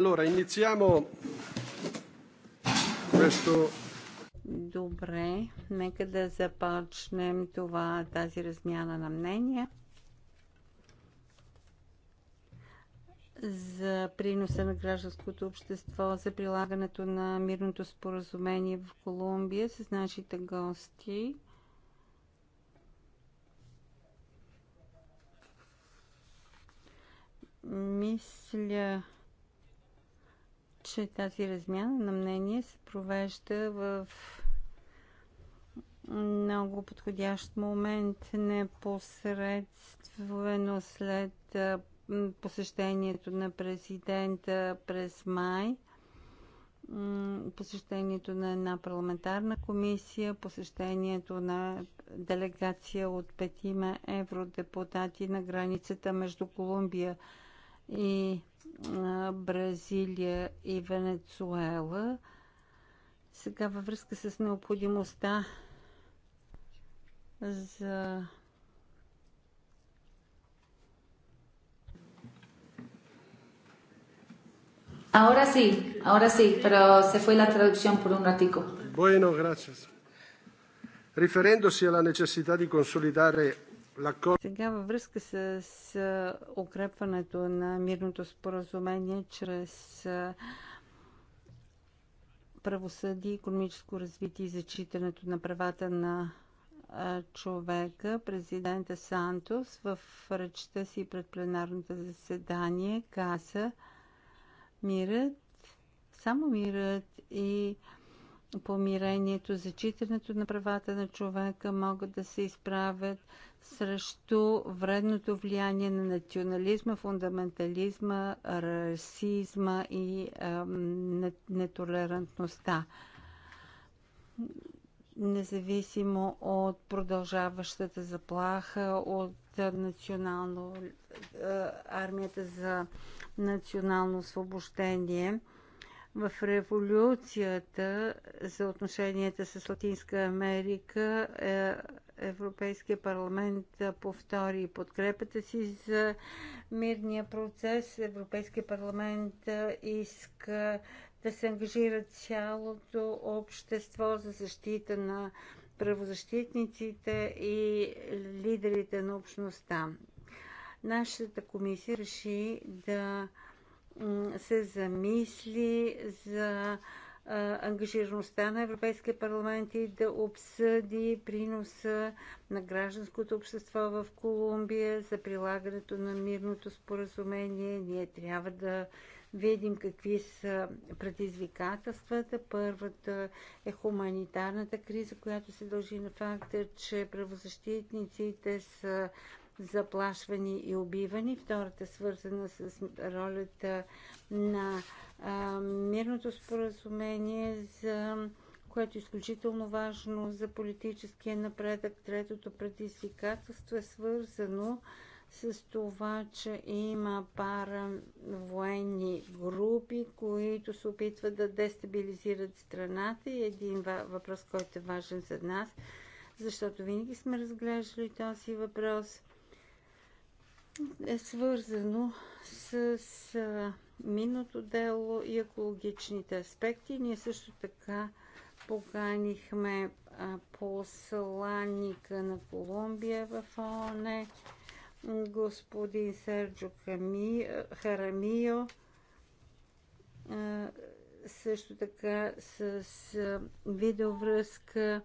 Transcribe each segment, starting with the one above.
Allora, iniziamo questo... Добре, нека да започнем това, тази размяна на мнения за приноса на гражданското общество за прилагането на мирното споразумение в Колумбия с нашите гости. Мисля, че тази размяна на мнение се провежда в много подходящ момент, непосредствено след посещението на президента през май, посещението на една парламентарна комисия, посещението на делегация от петима евродепутати на границата между Колумбия и Бразилия и Венецуела. Сега във връзка с необходимостта за Ahora sí, ahora sí, pero se fue la traducción por un ratico. Bueno, gracias. Riferendosi alla necessità di consolidare сега във връзка с, с укрепването на мирното споразумение чрез правосъдие, економическо развитие и зачитането на правата на човека, президента Сантос в речта си пред пленарното заседание каза мирът, само мирът и помирението, зачитането на правата на човека могат да се изправят срещу вредното влияние на национализма, фундаментализма, расизма и а, нетолерантността. Независимо от продължаващата заплаха от национално, армията за национално освобождение – в революцията за отношенията с Латинска Америка е, Европейския парламент повтори подкрепата си за мирния процес. Европейския парламент иска да се ангажира цялото общество за защита на правозащитниците и лидерите на общността. Нашата комисия реши да се замисли за ангажираността на Европейския парламент и да обсъди приноса на гражданското общество в Колумбия за прилагането на мирното споразумение. Ние трябва да видим какви са предизвикателствата. Първата е хуманитарната криза, която се дължи на факта, че правозащитниците са заплашвани и убивани. Втората свързана с ролята на а, мирното споразумение за което е изключително важно за политическия напредък. Третото предизвикателство е свързано с това, че има пара военни групи, които се опитват да дестабилизират страната и един въпрос, който е важен за нас, защото винаги сме разглеждали този въпрос е свързано с минното дело и екологичните аспекти. Ние също така поканихме посланника на Колумбия в ООН, господин Серджо Харамио, също така с видеовръзка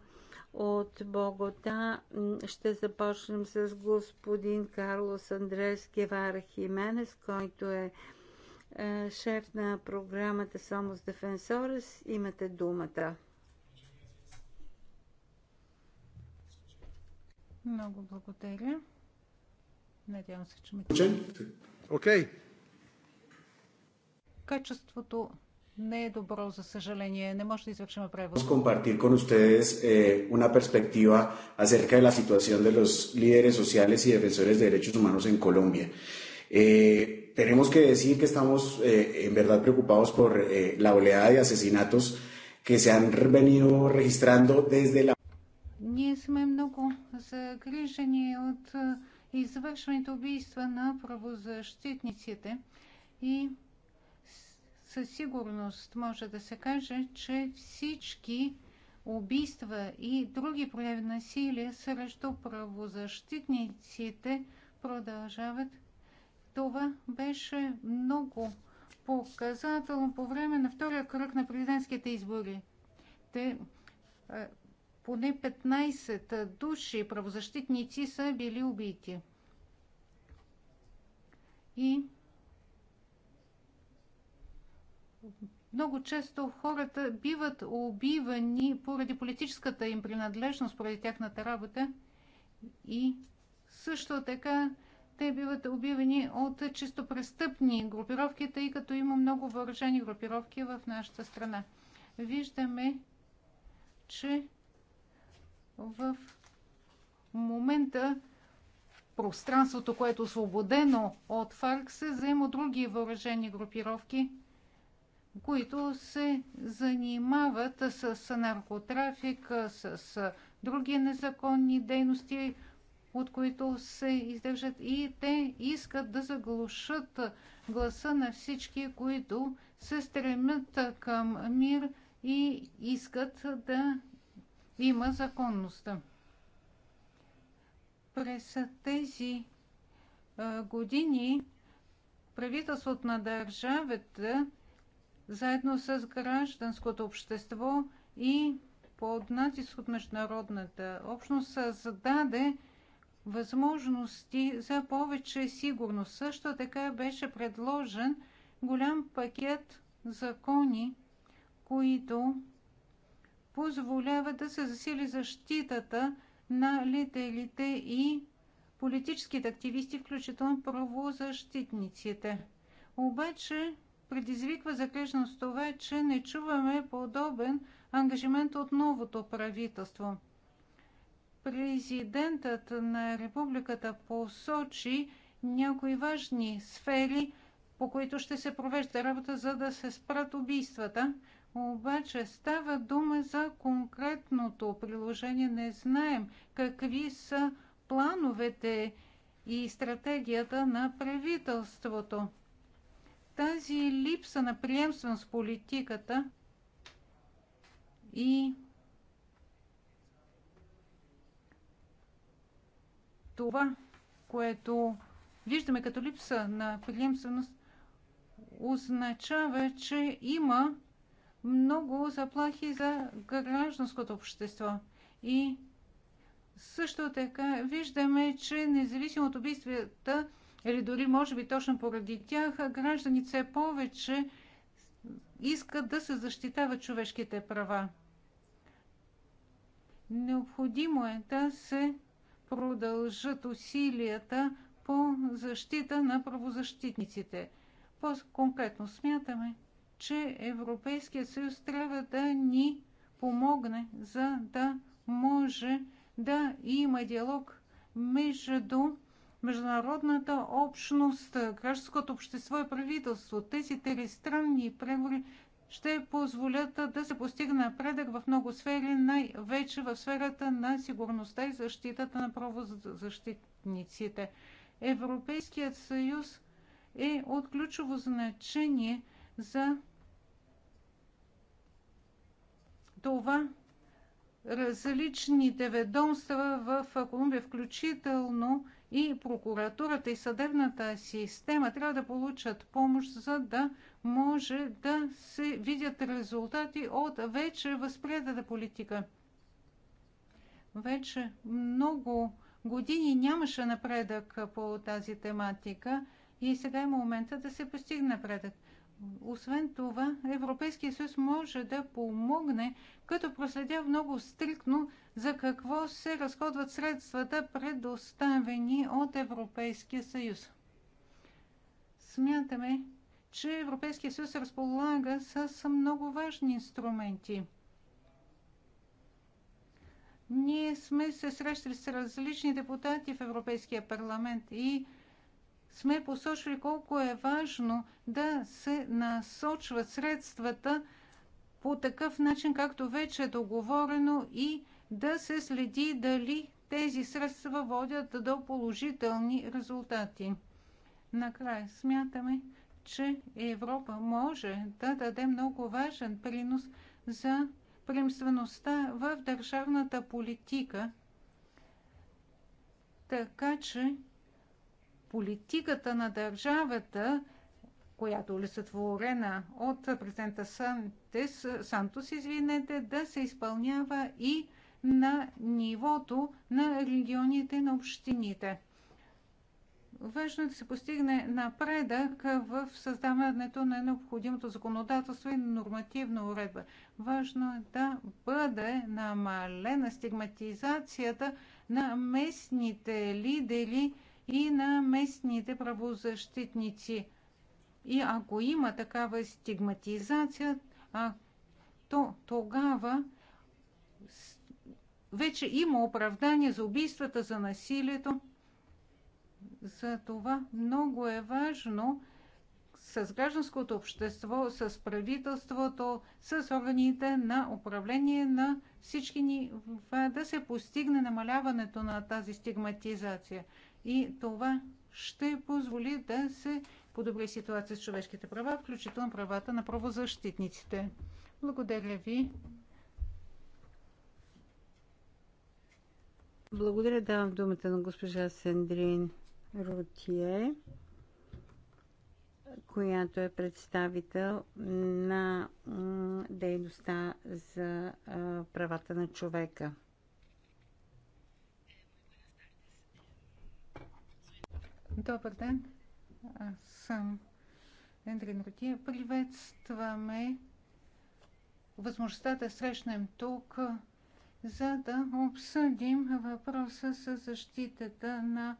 от Богота. Ще започнем с господин Карлос Андрес Гевара Хименес, който е, е шеф на програмата Somos Defensores. Имате думата. Много благодаря. Надявам се, че ме... Окей. Okay. Качеството не е добро, за съжаление. Не може да извършим превод. Compartir con ustedes eh, una perspectiva acerca de la situación de los líderes sociales y defensores de derechos humanos en Colombia. Eh, tenemos que decir que estamos eh, en verdad preocupados por eh, la oleada de asesinatos que se han venido registrando desde la... Ние сме много загрижени от извършването убийства на правозащитниците и със сигурност може да се каже, че всички убийства и други прояви насилие срещу правозащитниците продължават. Това беше много показателно по време на втория кръг на президентските избори. Те е, поне 15 души правозащитници са били убити. И много често хората биват убивани поради политическата им принадлежност, поради тяхната работа и също така те биват убивани от чисто престъпни групировки, тъй като има много въоръжени групировки в нашата страна. Виждаме, че в момента пространството, което е освободено от ФАРК, се взема други въоръжени групировки – които се занимават с наркотрафик, с други незаконни дейности, от които се издържат и те искат да заглушат гласа на всички, които се стремят към мир и искат да има законността. През тези години правителството на държавата заедно с гражданското общество и под натиск от международната общност създаде възможности за повече сигурност. Също така беше предложен голям пакет закони, които позволяват да се засили защитата на лидерите и политическите активисти, включително правозащитниците. Обаче предизвиква загрижност това, че не чуваме подобен ангажимент от новото правителство. Президентът на републиката посочи някои важни сфери, по които ще се провежда работа, за да се спрат убийствата. Обаче става дума за конкретното приложение. Не знаем какви са плановете и стратегията на правителството тази липса на приемственост в политиката и това, което виждаме като липса на приемственост, означава, че има много заплахи за гражданското общество. И също така виждаме, че независимо от убийствата, или дори може би точно поради тях гражданите повече искат да се защитават човешките права. Необходимо е да се продължат усилията по защита на правозащитниците. По-конкретно смятаме, че Европейския съюз трябва да ни помогне, за да може да има диалог между международната общност, гражданското общество и правителство. Тези тристранни преговори ще позволят да се постигне напредък в много сфери, най-вече в сферата на сигурността и защитата на правозащитниците. Европейският съюз е от ключово значение за това различните ведомства в Колумбия, включително и прокуратурата и съдебната система трябва да получат помощ, за да може да се видят резултати от вече възпредата политика. Вече много години нямаше напредък по тази тематика и сега е момента да се постигне напредък. Освен това, Европейския съюз може да помогне, като проследя много стриктно за какво се разходват средствата, предоставени от Европейския съюз. Смятаме, че Европейския съюз разполага с много важни инструменти. Ние сме се срещали с различни депутати в Европейския парламент и сме посочили колко е важно да се насочват средствата по такъв начин, както вече е договорено и да се следи дали тези средства водят до положителни резултати. Накрая смятаме, че Европа може да даде много важен принос за приемствеността в държавната политика, така че политиката на държавата, която е олицетворена от президента Сантес, Сантос, извинете, да се изпълнява и на нивото на регионите на общините. Важно е да се постигне напредък в създаването на необходимото законодателство и нормативна уредба. Важно е да бъде намалена стигматизацията на местните лидери и на местните правозащитници. И ако има такава стигматизация, а, то тогава вече има оправдание за убийствата, за насилието. За това много е важно с гражданското общество, с правителството, с органите на управление на всички ни да се постигне намаляването на тази стигматизация и това ще позволи да се подобри ситуация с човешките права, включително правата на правозащитниците. Благодаря ви. Благодаря. Давам думата на госпожа Сендрин Рутие, която е представител на дейността за правата на човека. Добър ден. Аз съм Ендрин Рутия. Приветстваме възможността да срещнем тук, за да обсъдим въпроса с защитата на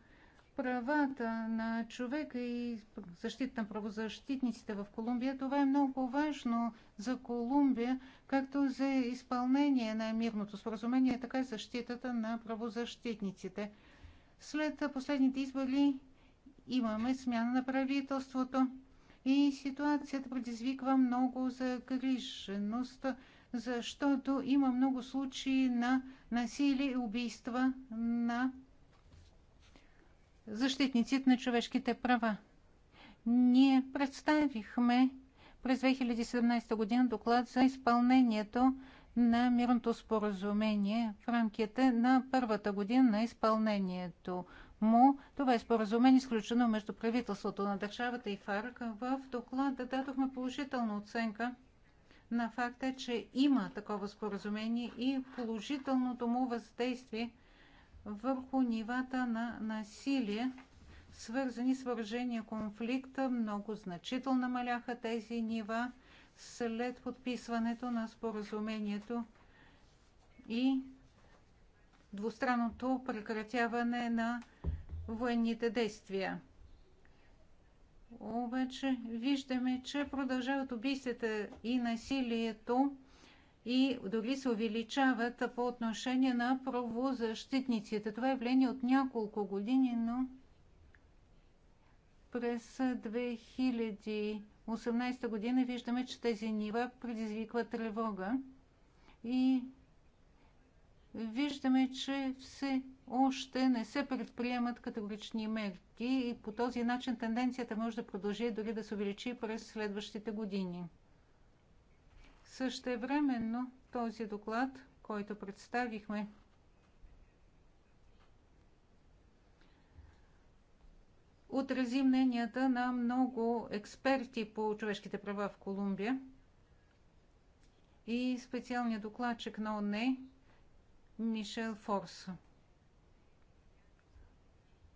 правата на човека и защита на правозащитниците в Колумбия. Това е много важно за Колумбия, както за изпълнение на мирното споразумение, така и защитата на правозащитниците. След последните избори имаме смяна на правителството и ситуацията предизвиква много загриженост, защото има много случаи на насилие и убийства на защитниците на човешките права. Ние представихме през 2017 година доклад за изпълнението на мирното споразумение в рамките на първата година на изпълнението му. Това е споразумение, изключено между правителството на държавата и ФАРК. В доклада дадохме положителна оценка на факта, че има такова споразумение и положителното му въздействие върху нивата на насилие, свързани с въоръжения конфликт. Много значително намаляха тези нива след подписването на споразумението и двустранното прекратяване на военните действия. Обаче виждаме, че продължават убийствата и насилието и дори се увеличават по отношение на правозащитниците. Това е явление от няколко години, но през 2018 година виждаме, че тези нива предизвикват тревога и виждаме, че все още не се предприемат категорични мерки и по този начин тенденцията може да продължи дори да се увеличи през следващите години. Същевременно този доклад, който представихме, отрази мненията на много експерти по човешките права в Колумбия и специалният докладчик на ОНЕ Мишел Форс.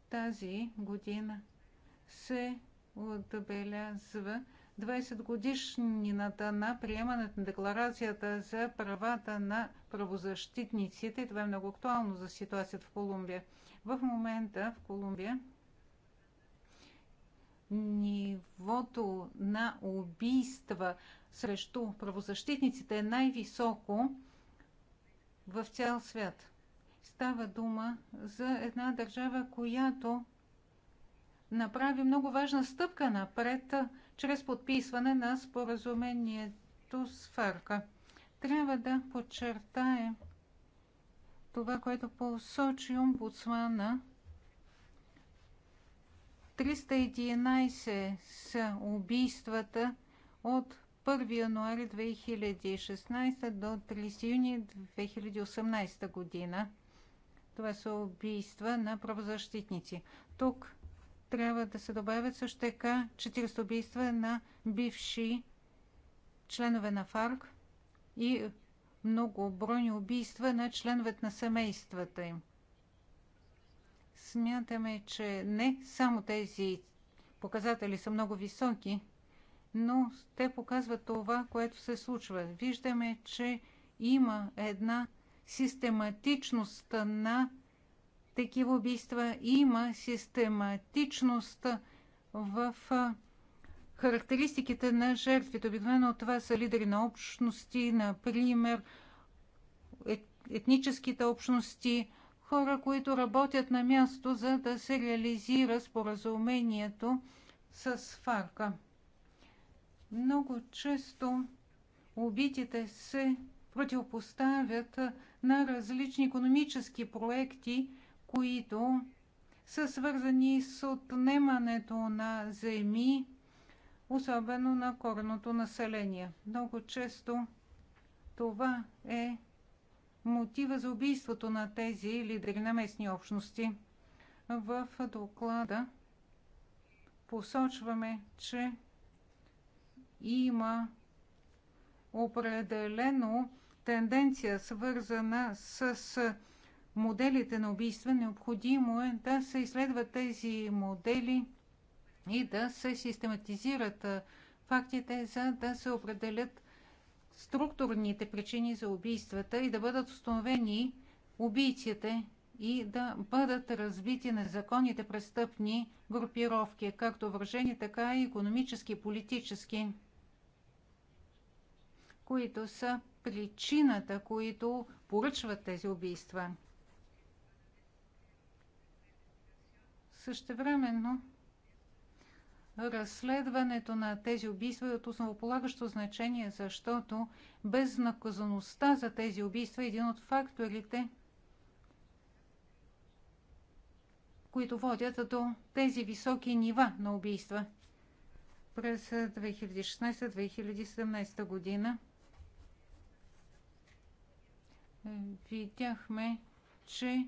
Тази година се отбелязва 20 годишнината на приемането на Декларацията за правата на правозащитниците. Това е много актуално за ситуацията в Колумбия. В момента в Колумбия нивото на убийства срещу правозащитниците е най-високо в цял свят. Става дума за една държава, която направи много важна стъпка напред чрез подписване на споразумението с ФАРКА. Трябва да подчертаем това, което посочи омбудсмана. 311 са убийствата от 1 януари 2016 до 30 юни 2018 година. Това са убийства на правозащитници. Тук трябва да се добавят също така 400 убийства на бивши членове на ФАРК и много бройни убийства на членовете на семействата им. Смятаме, че не само тези показатели са много високи, но те показват това, което се случва. Виждаме, че има една систематичност на такива убийства, има систематичност в характеристиките на жертвите. Обикновено това са лидери на общности, например, етническите общности, хора, които работят на място, за да се реализира споразумението с фарка. Много често убитите се противопоставят на различни економически проекти, които са свързани с отнемането на земи, особено на корното население. Много често това е мотива за убийството на тези лидери на местни общности. В доклада посочваме, че има определено тенденция, свързана с моделите на убийства, необходимо е да се изследват тези модели и да се систематизират фактите, за да се определят структурните причини за убийствата и да бъдат установени убийците и да бъдат развити незаконните престъпни групировки, както въоръжени, така и економически и политически които са причината, които поръчват тези убийства. Същевременно, разследването на тези убийства е от основополагащо значение, защото без наказаността за тези убийства е един от факторите, които водят до тези високи нива на убийства. През 2016-2017 година видяхме, че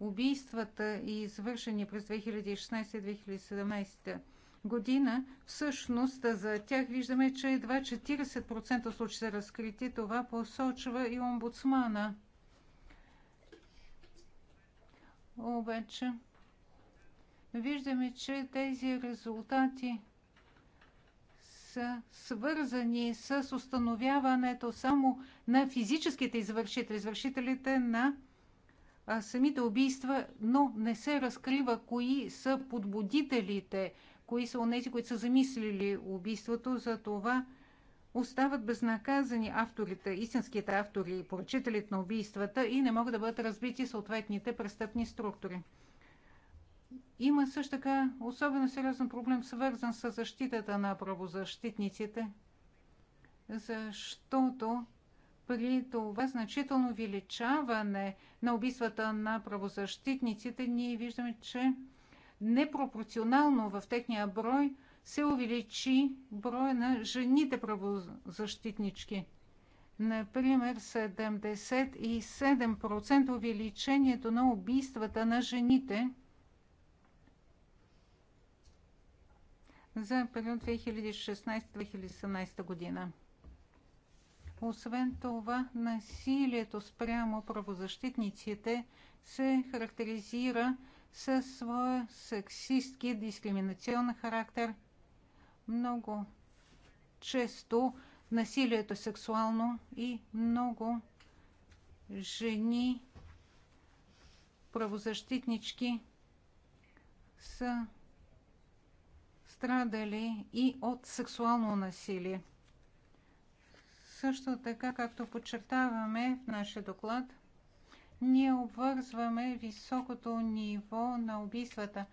убийствата, и извършени през 2016-2017 година, всъщност за тях виждаме, че едва 40% от случаи са разкрити. Това посочва и омбудсмана. Обаче, виждаме, че тези резултати са свързани с установяването само на физическите извършители, извършителите на самите убийства, но не се разкрива кои са подбудителите, кои са онези, които са замислили убийството, за това остават безнаказани авторите, истинските автори поръчителите на убийствата и не могат да бъдат разбити съответните престъпни структури. Има също така особено сериозен проблем, свързан с защитата на правозащитниците, защото при това значително увеличаване на убийствата на правозащитниците, ние виждаме, че непропорционално в техния брой се увеличи броя на жените правозащитнички. Например, 77% увеличението на убийствата на жените – за период 2016-2017 година. Освен това, насилието спрямо правозащитниците се характеризира със своя сексистски дискриминационен характер. Много често насилието е сексуално и много жени правозащитнички са пострадали и от сексуално насилие. Също така, както подчертаваме в нашия доклад, ние обвързваме високото ниво на убийствата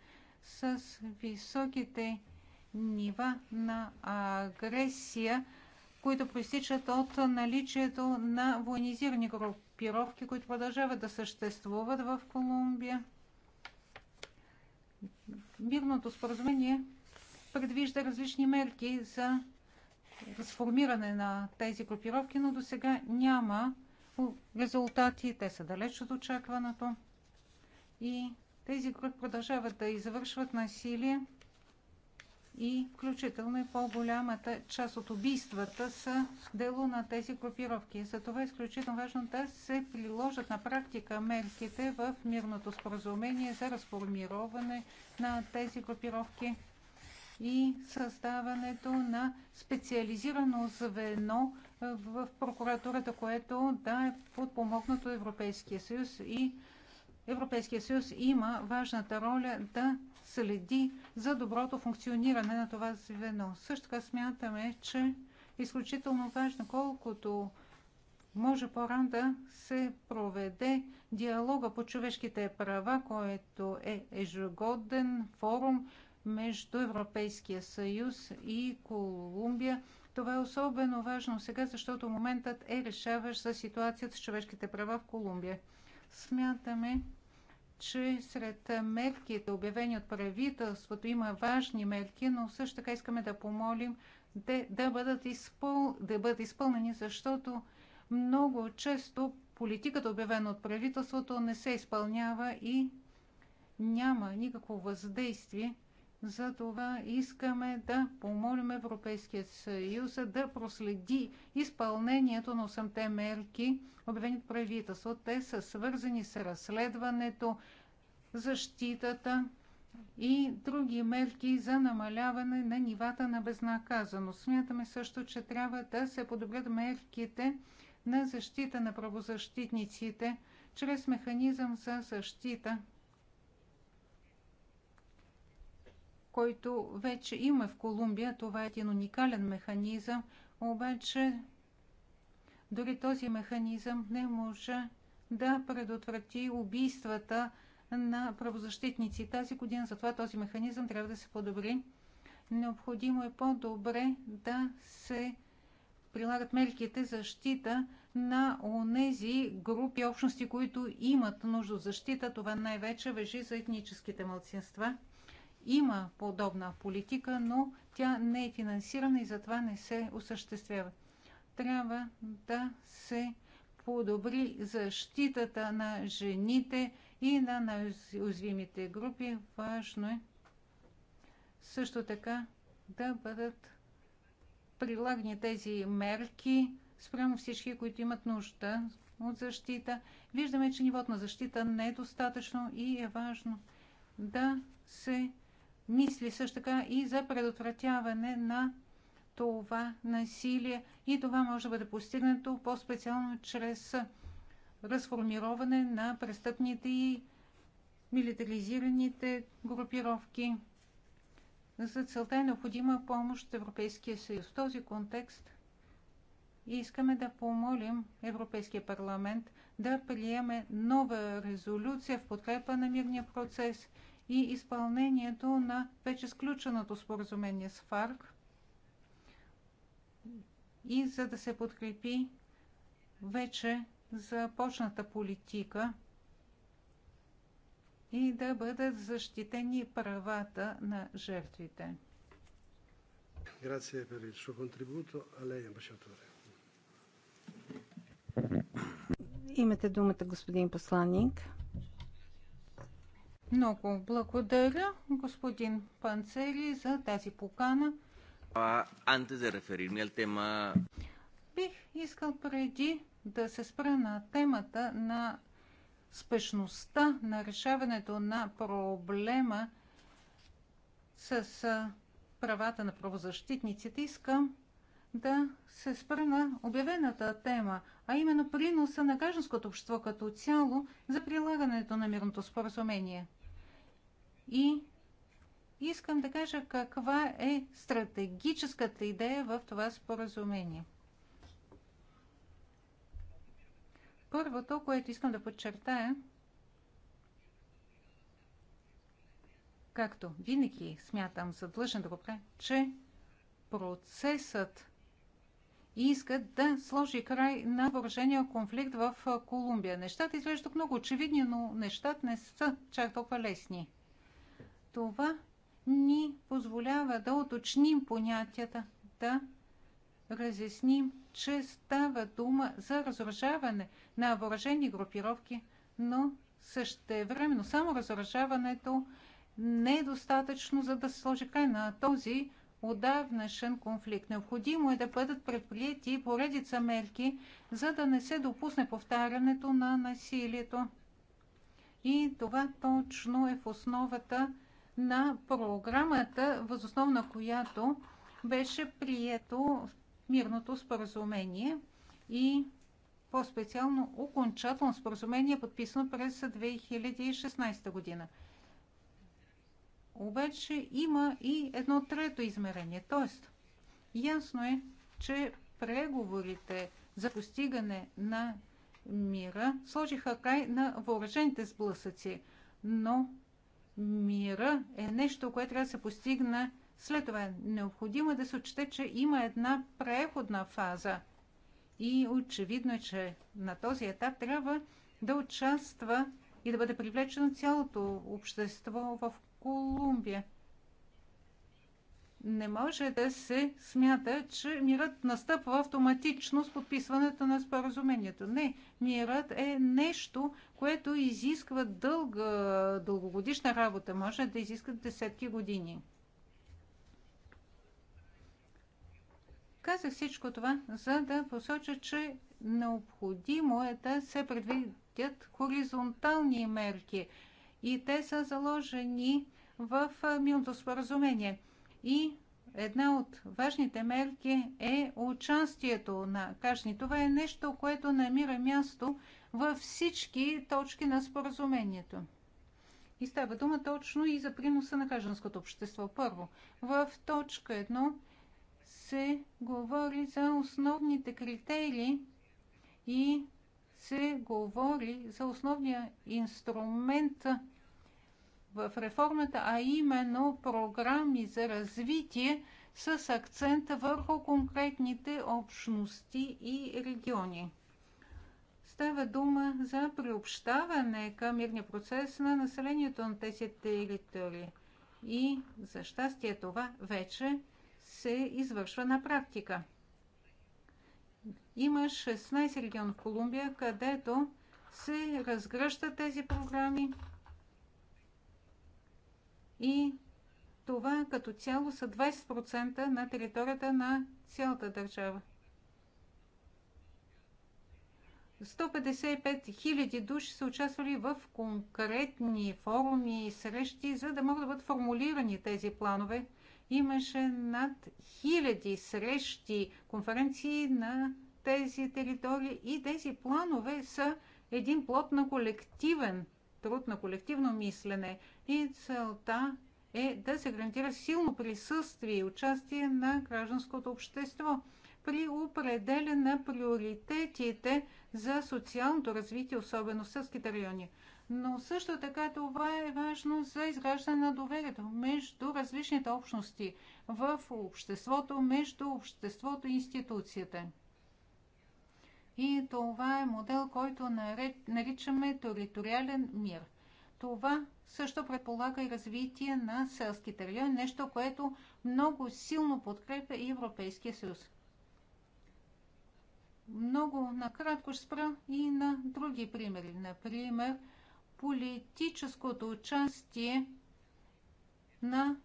с високите нива на агресия, които проистичат от наличието на военизирани групировки, които продължават да съществуват в Колумбия. Мирното споразумение предвижда различни мерки за сформиране на тези групировки, но до сега няма резултати. Те са далеч от очакваното. И тези групи продължават да извършват насилие и включително и по-голямата част от убийствата са дело на тези групировки. Затова е изключително важно да се приложат на практика мерките в мирното споразумение за разформироване на тези групировки и създаването на специализирано звено в прокуратурата, което да е подпомогнато Европейския съюз и Европейския съюз има важната роля да следи за доброто функциониране на това звено. Също така смятаме, че изключително важно, колкото може по-рано да се проведе диалога по човешките права, който е ежегоден форум, между Европейския съюз и Колумбия. Това е особено важно сега, защото моментът е решаващ за ситуацията с човешките права в Колумбия. Смятаме, че сред мерките, обявени от правителството, има важни мерки, но също така искаме да помолим да, да, бъдат, изпъл... да бъдат изпълнени, защото много често политиката, обявена от правителството, не се изпълнява и няма никакво въздействие затова искаме да помолим Европейския съюз да проследи изпълнението на 8-те мерки, обявени от правителство. Те са свързани с разследването, защитата и други мерки за намаляване на нивата на безнаказаност. Смятаме също, че трябва да се подобрят мерките на защита на правозащитниците чрез механизъм за защита – който вече има в Колумбия. Това е един уникален механизъм, обаче дори този механизъм не може да предотврати убийствата на правозащитници тази година. Затова този механизъм трябва да се подобри. Необходимо е по-добре да се прилагат мерките защита на онези групи общности, които имат нужда от защита. Това най-вече вежи за етническите мълцинства. Има подобна политика, но тя не е финансирана и затова не се осъществява. Трябва да се подобри защитата на жените и на най-уязвимите групи. Важно е също така да бъдат прилагани тези мерки спрямо всички, които имат нужда от защита. Виждаме, че нивото на защита не е достатъчно и е важно да се мисли също така и за предотвратяване на това насилие и това може да бъде постигнато по-специално чрез разформироване на престъпните и милитаризираните групировки. За целта е необходима помощ от Европейския съюз. В този контекст искаме да помолим Европейския парламент да приеме нова резолюция в подкрепа на мирния процес – и изпълнението на вече сключеното споразумение с ФАРК и за да се подкрепи вече започната политика и да бъдат защитени правата на жертвите. Grazie per il suo contributo. A lei, ambasciatore. Имате думата, господин посланник. Много благодаря, господин Панцери, за тази покана. Antes de referirme al тема. Бих искал преди да се спра на темата на спешността на решаването на проблема с правата на правозащитниците. Искам да се спра на обявената тема, а именно приноса на гражданското общество като цяло за прилагането на мирното споразумение. И искам да кажа каква е стратегическата идея в това споразумение. Първото, което искам да подчертая, както винаги смятам за длъжен да го правя, че процесът иска да сложи край на въоръжения конфликт в Колумбия. Нещата изглеждат много очевидни, но нещата не са чак толкова лесни. Това ни позволява да уточним понятията, да разясним, че става дума за разоръжаване на въоръжени групировки, но същевременно само разоръжаването не е достатъчно, за да се сложи край на този отдавнашен конфликт. Необходимо е да бъдат предприяти поредица мерки, за да не се допусне повтарянето на насилието. И това точно е в основата на програмата, възоснова на която беше прието мирното споразумение и по-специално окончателно споразумение, подписано през 2016 година. Обаче има и едно трето измерение, т.е. ясно е, че преговорите за постигане на мира сложиха край на въоръжените сблъсъци, но мира е нещо, което трябва да се постигне след това. Необходимо е да се отчете, че има една преходна фаза. И очевидно е, че на този етап трябва да участва и да бъде привлечено цялото общество в Колумбия не може да се смята, че мирът настъпва автоматично с подписването на споразумението. Не, мирът е нещо, което изисква дълга, дългогодишна работа, може да изисква десетки години. Казах всичко това, за да посоча, че необходимо е да се предвидят хоризонтални мерки и те са заложени в милното споразумение – и една от важните мерки е участието на кашни. Това е нещо, което намира място във всички точки на споразумението. И става дума точно и за приноса на гражданското общество. Първо, в точка 1 се говори за основните критерии и се говори за основния инструмент в реформата, а именно програми за развитие с акцент върху конкретните общности и региони. Става дума за приобщаване към мирния процес на населението на тези територии. И за щастие това вече се извършва на практика. Има 16 региона в Колумбия, където се разгръщат тези програми и това като цяло са 20% на територията на цялата държава. 155 хиляди души са участвали в конкретни форуми и срещи, за да могат да бъдат формулирани тези планове. Имаше над хиляди срещи, конференции на тези територии и тези планове са един плод на колективен труд на колективно мислене и целта е да се гарантира силно присъствие и участие на гражданското общество при определяне на приоритетите за социалното развитие, особено в сърските райони. Но също така това е важно за изграждане на доверието между различните общности в обществото, между обществото и институциите. И това е модел, който наричаме териториален мир. Това също предполага и развитие на селските райони, нещо, което много силно подкрепя и Европейския съюз. Много накратко ще спра и на други примери. Например, политическото участие на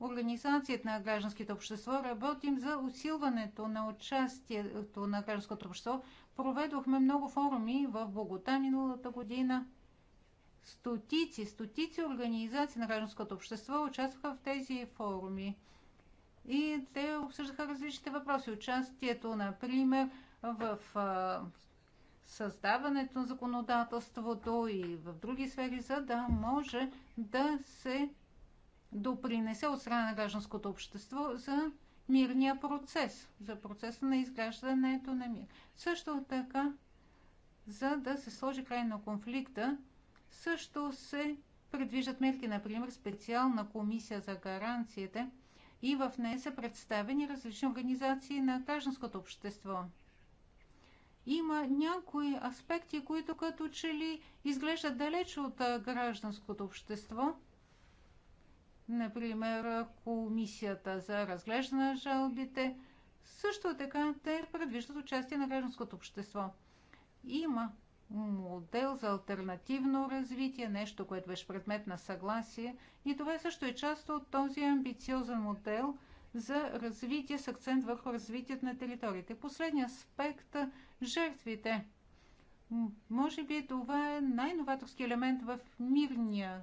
организацията на гражданските общество работим за усилването на участието на гражданското общество. Проведохме много форуми в Богота миналата година. Стотици, стотици организации на гражданското общество участваха в тези форуми. И те обсъждаха различните въпроси. Участието, например, в създаването на законодателството и в други сфери, за да може да се допринесе от страна на гражданското общество за мирния процес, за процеса на изграждането на мир. Също така, за да се сложи край на конфликта, също се предвиждат мерки, например специална комисия за гаранциите и в нея са представени различни организации на гражданското общество. Има някои аспекти, които като че ли изглеждат далеч от гражданското общество – Например, комисията за разглеждане на жалбите. Също така те предвиждат участие на гражданското общество. Има модел за альтернативно развитие, нещо, което беше предмет на съгласие. И това също е част от този амбициозен модел за развитие с акцент върху развитието на териториите. Последният аспект – жертвите. Може би това е най-новаторски елемент в мирния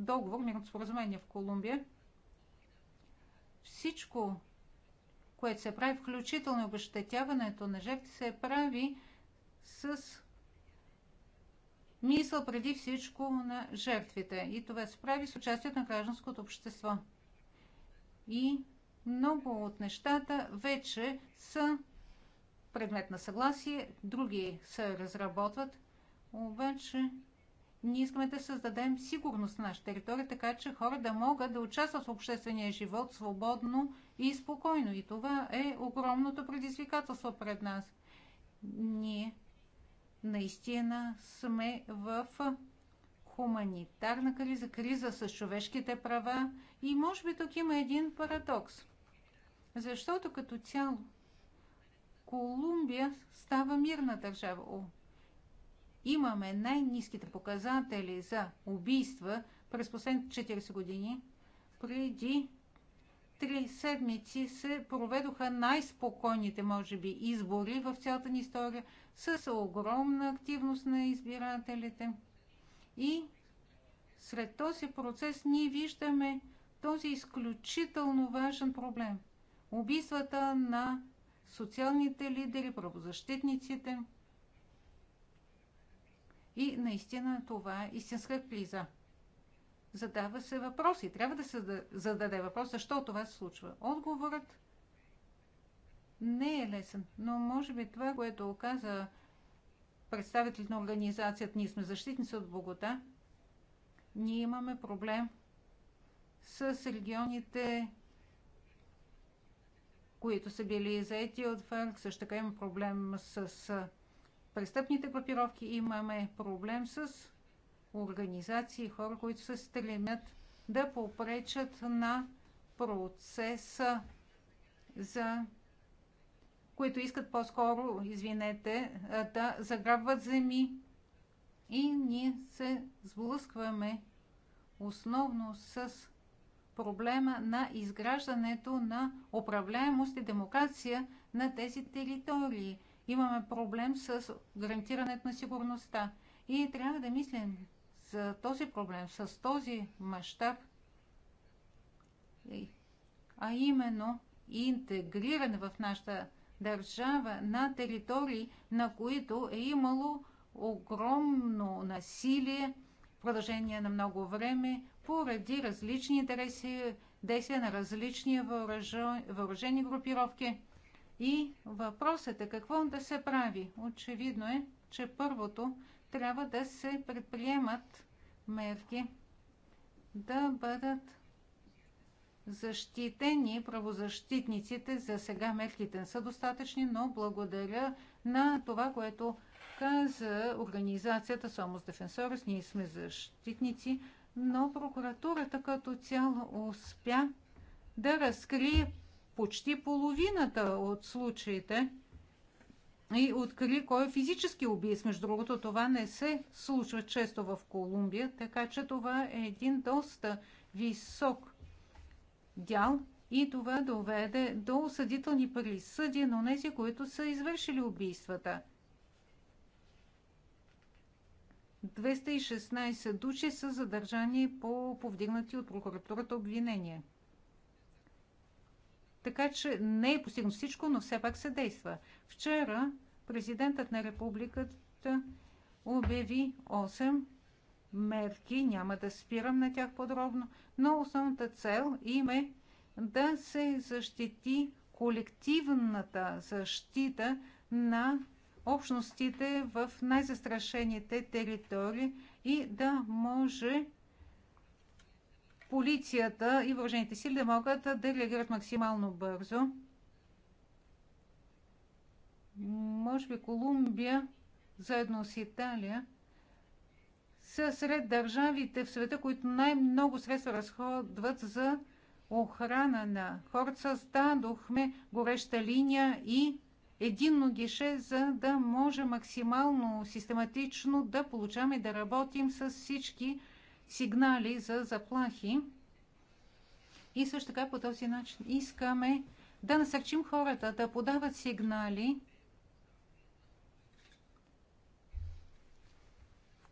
договор, мирното споразумение в Колумбия, всичко, което се прави, включително обещетяването на жертви, се прави с мисъл преди всичко на жертвите. И това се прави с участието на гражданското общество. И много от нещата вече са предмет на съгласие, други се разработват, обаче ние искаме да създадем сигурност на нашата територия, така че хора да могат да участват в обществения живот свободно и спокойно. И това е огромното предизвикателство пред нас. Ние наистина сме в хуманитарна криза, криза с човешките права и може би тук има един парадокс. Защото като цяло Колумбия става мирна държава имаме най-низките показатели за убийства през последните 40 години. Преди три седмици се проведоха най-спокойните, може би, избори в цялата ни история с огромна активност на избирателите. И сред този процес ние виждаме този изключително важен проблем. Убийствата на социалните лидери, правозащитниците – и наистина това е истинска криза. Задава се въпрос и трябва да се зададе въпрос, защо това се случва. Отговорът не е лесен, но може би това, което оказа представител на организацията, ние сме защитници от Богота, ние имаме проблем с регионите, които са били заети от ФАРК. Също така има проблем с престъпните групировки, имаме проблем с организации хора, които се стремят да попречат на процеса за които искат по-скоро, извинете, да заграбват земи. И ние се сблъскваме основно с проблема на изграждането на управляемост и демокрация на тези територии – имаме проблем с гарантирането на сигурността. И трябва да мислим за този проблем, с този мащаб, а именно интегриране в нашата държава на територии, на които е имало огромно насилие в продължение на много време поради различни интереси, действия на различни въоръжени групировки. И въпросът е какво да се прави. Очевидно е, че първото трябва да се предприемат мерки да бъдат защитени правозащитниците. За сега мерките не са достатъчни, но благодаря на това, което каза организацията Somos Defensores. Ние сме защитници, но прокуратурата като цяло успя да разкрие почти половината от случаите и открили, кой е физически убийц. Между другото, това не се случва често в Колумбия, така че това е един доста висок дял и това доведе до осъдителни присъди на тези, които са извършили убийствата. 216 души са задържани по повдигнати от прокуратурата обвинения. Така че не е постигнато всичко, но все пак се действа. Вчера президентът на републиката обяви 8 мерки, няма да спирам на тях подробно, но основната цел им е да се защити колективната защита на общностите в най-застрашените територии и да може полицията и въоръжените сили да могат да реагират максимално бързо. Може би Колумбия, заедно с Италия, са сред държавите в света, които най-много средства разходват за охрана на хората. Създадохме гореща линия и единно гише, за да може максимално систематично да получаваме да работим с всички сигнали за заплахи. И също така по този начин искаме да насърчим хората да подават сигнали,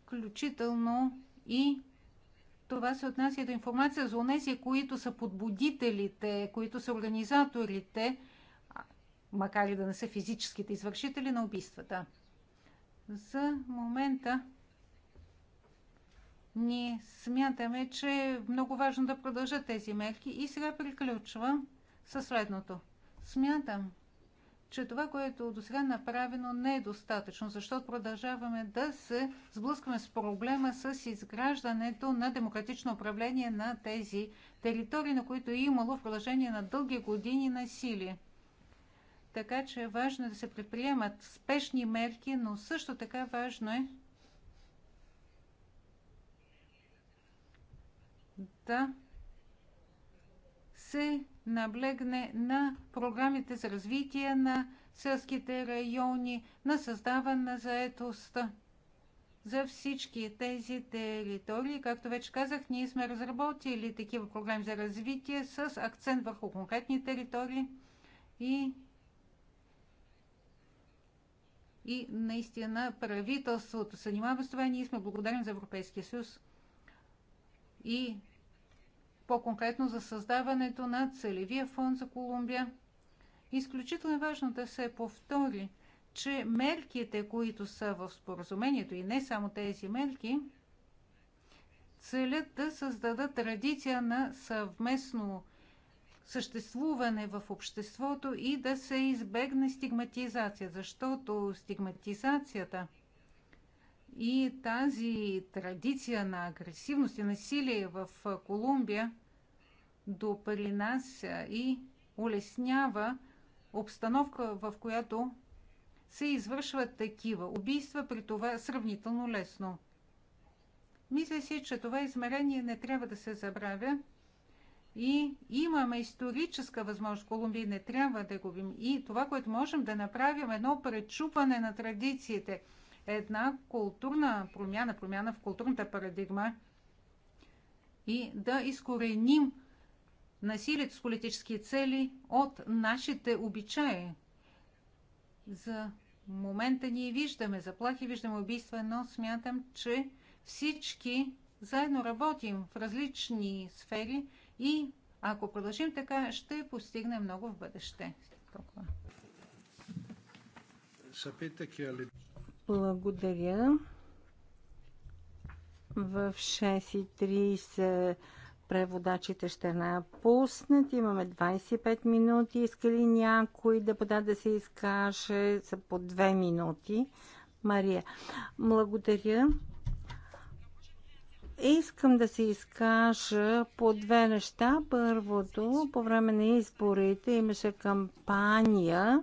включително и това се отнася до информация за онези, които са подбудителите, които са организаторите, макар и да не са физическите извършители на убийствата. За момента ние смятаме, че е много важно да продължат тези мерки и сега приключвам със следното. Смятам, че това, което до сега е направено, не е достатъчно, защото продължаваме да се сблъскваме с проблема с изграждането на демократично управление на тези територии, на които е имало в продължение на дълги години насилие. Така че е важно да се предприемат спешни мерки, но също така важно е проекта се наблегне на програмите за развитие на селските райони, на създаване на заетост за всички тези територии. Както вече казах, ние сме разработили такива програми за развитие с акцент върху конкретни територии и и наистина правителството се занимава с това. Ние сме благодарни за Европейския съюз и по-конкретно за създаването на целевия фонд за Колумбия. Изключително е важно да се повтори, че мерките, които са в споразумението и не само тези мерки, целят да създадат традиция на съвместно съществуване в обществото и да се избегне стигматизация, защото стигматизацията – и тази традиция на агресивност и насилие в Колумбия допринася и улеснява обстановка, в която се извършват такива убийства, при това сравнително лесно. Мисля си, че това измерение не трябва да се забравя и имаме историческа възможност. Колумбия не трябва да губим. И това, което можем да направим, е едно пречупване на традициите – една културна промяна, промяна в културната парадигма и да изкореним насилието с политически цели от нашите обичаи. За момента ние виждаме заплахи, виждаме убийства, но смятам, че всички заедно работим в различни сфери и ако продължим така, ще постигнем много в бъдеще. Толкова. Благодаря. В 6.30 преводачите ще напуснат. Имаме 25 минути. Иска ли някой да пода да се изкаже за по 2 минути? Мария. Благодаря. Искам да се изкажа по две неща. Първото, по време на изборите имаше кампания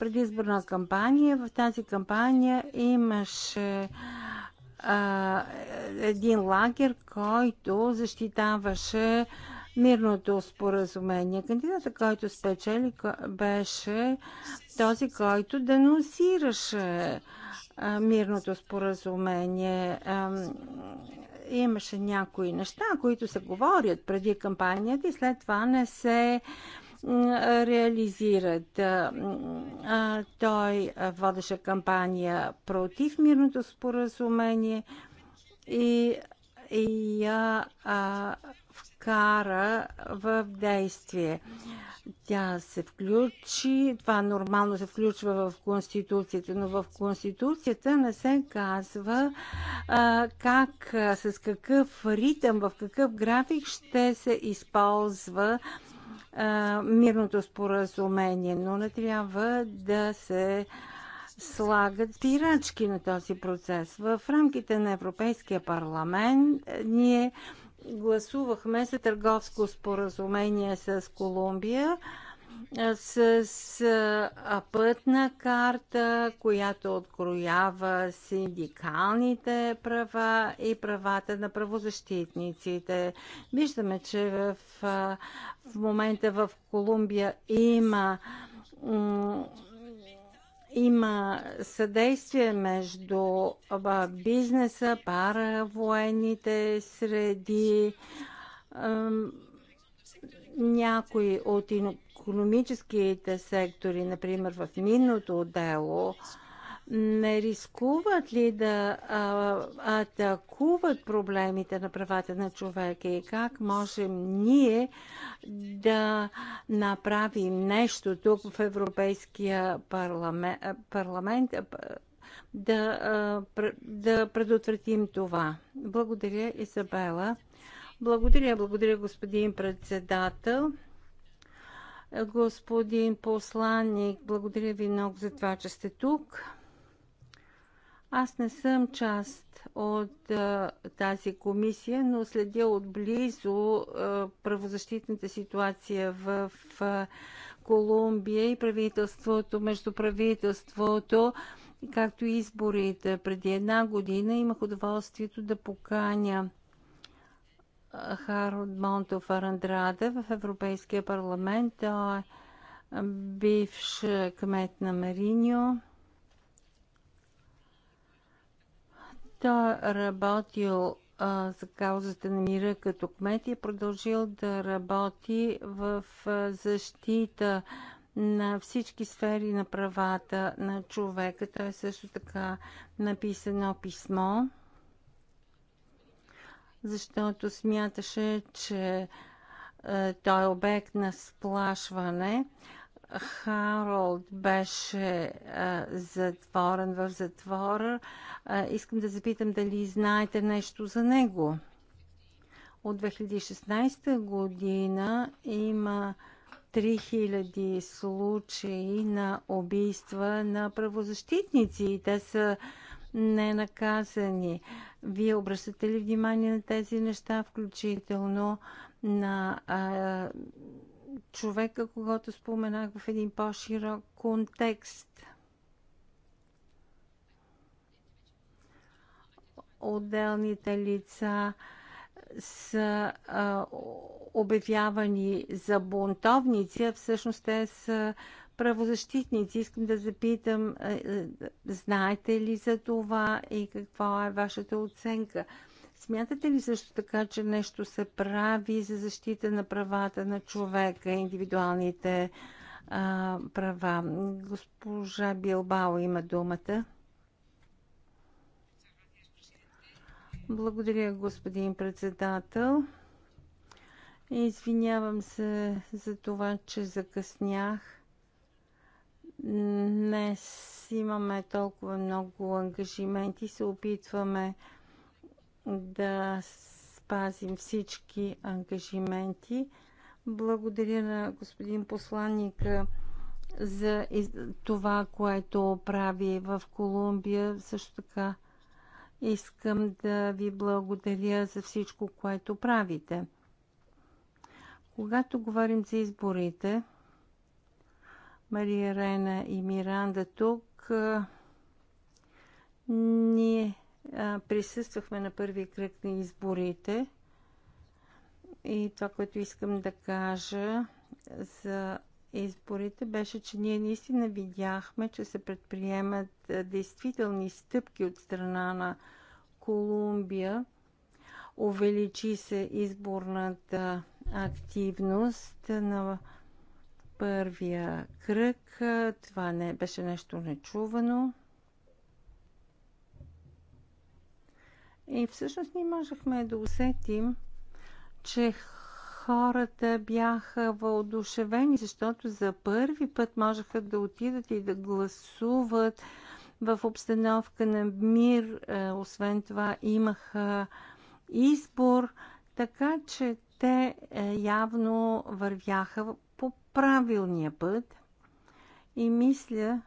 предизборна кампания. В тази кампания имаше а, един лагер, който защитаваше мирното споразумение. Кандидата, който спечели, беше този, който денонсираше а, мирното споразумение. А, имаше някои неща, които се говорят преди кампанията и след това не се а, реализират. Той водеше кампания против мирното споразумение и я вкара в действие. Тя се включи, това нормално се включва в Конституцията, но в Конституцията не се казва а, как, с какъв ритъм, в какъв график ще се използва а, мирното споразумение, но не трябва да се слагат спирачки на този процес. В рамките на Европейския парламент е, ние гласувахме за търговско споразумение с Колумбия с, с пътна карта, която откроява синдикалните права и правата на правозащитниците. Виждаме, че в, в момента в Колумбия има има съдействие между бизнеса, паравоенните среди, някои от економическите сектори, например в минното дело, не рискуват ли да а, атакуват проблемите на правата на човека и как можем ние да направим нещо тук в Европейския парламент, парламент да, да предотвратим това? Благодаря, Изабела. Благодаря, благодаря, господин председател. Господин посланник, благодаря ви много за това, че сте тук. Аз не съм част от а, тази комисия, но следя отблизо а, правозащитната ситуация в а, Колумбия и правителството, между правителството, както и изборите преди една година. Имах удоволствието да поканя Харуд Монтов Арандрада в Европейския парламент. Той е бивш кмет на Мариньо. Той е работил за каузата на мира като кмет и е продължил да работи в защита на всички сфери на правата на човека. Той е също така написано писмо защото смяташе, че е, той е обект на сплашване. Харолд беше е, затворен в затвора. Е, искам да запитам дали знаете нещо за него. От 2016 година има 3000 случаи на убийства на правозащитници и те са ненаказани. Вие обръщате ли внимание на тези неща, включително на а, човека, когато споменах в един по-широк контекст? Отделните лица са а, обявявани за бунтовници, а всъщност те са правозащитници. Искам да запитам, е, е, знаете ли за това и каква е вашата оценка? Смятате ли също така, че нещо се прави за защита на правата на човека, индивидуалните а, права? Госпожа Билбао има думата. Благодаря, господин председател. Извинявам се за това, че закъснях. Днес имаме толкова много ангажименти, се опитваме да спазим всички ангажименти. Благодаря на господин посланник за това, което прави в Колумбия. Също така искам да ви благодаря за всичко, което правите. Когато говорим за изборите, Мария Рена и Миранда тук. Ние присъствахме на първия кръг на изборите и това, което искам да кажа за изборите беше, че ние наистина видяхме, че се предприемат действителни стъпки от страна на Колумбия. Увеличи се изборната активност на първия кръг. Това не беше нещо нечувано. И всъщност ние можехме да усетим, че хората бяха въодушевени, защото за първи път можеха да отидат и да гласуват в обстановка на мир. Е, освен това имаха избор. Така че те е, явно вървяха по правилния път и мисля,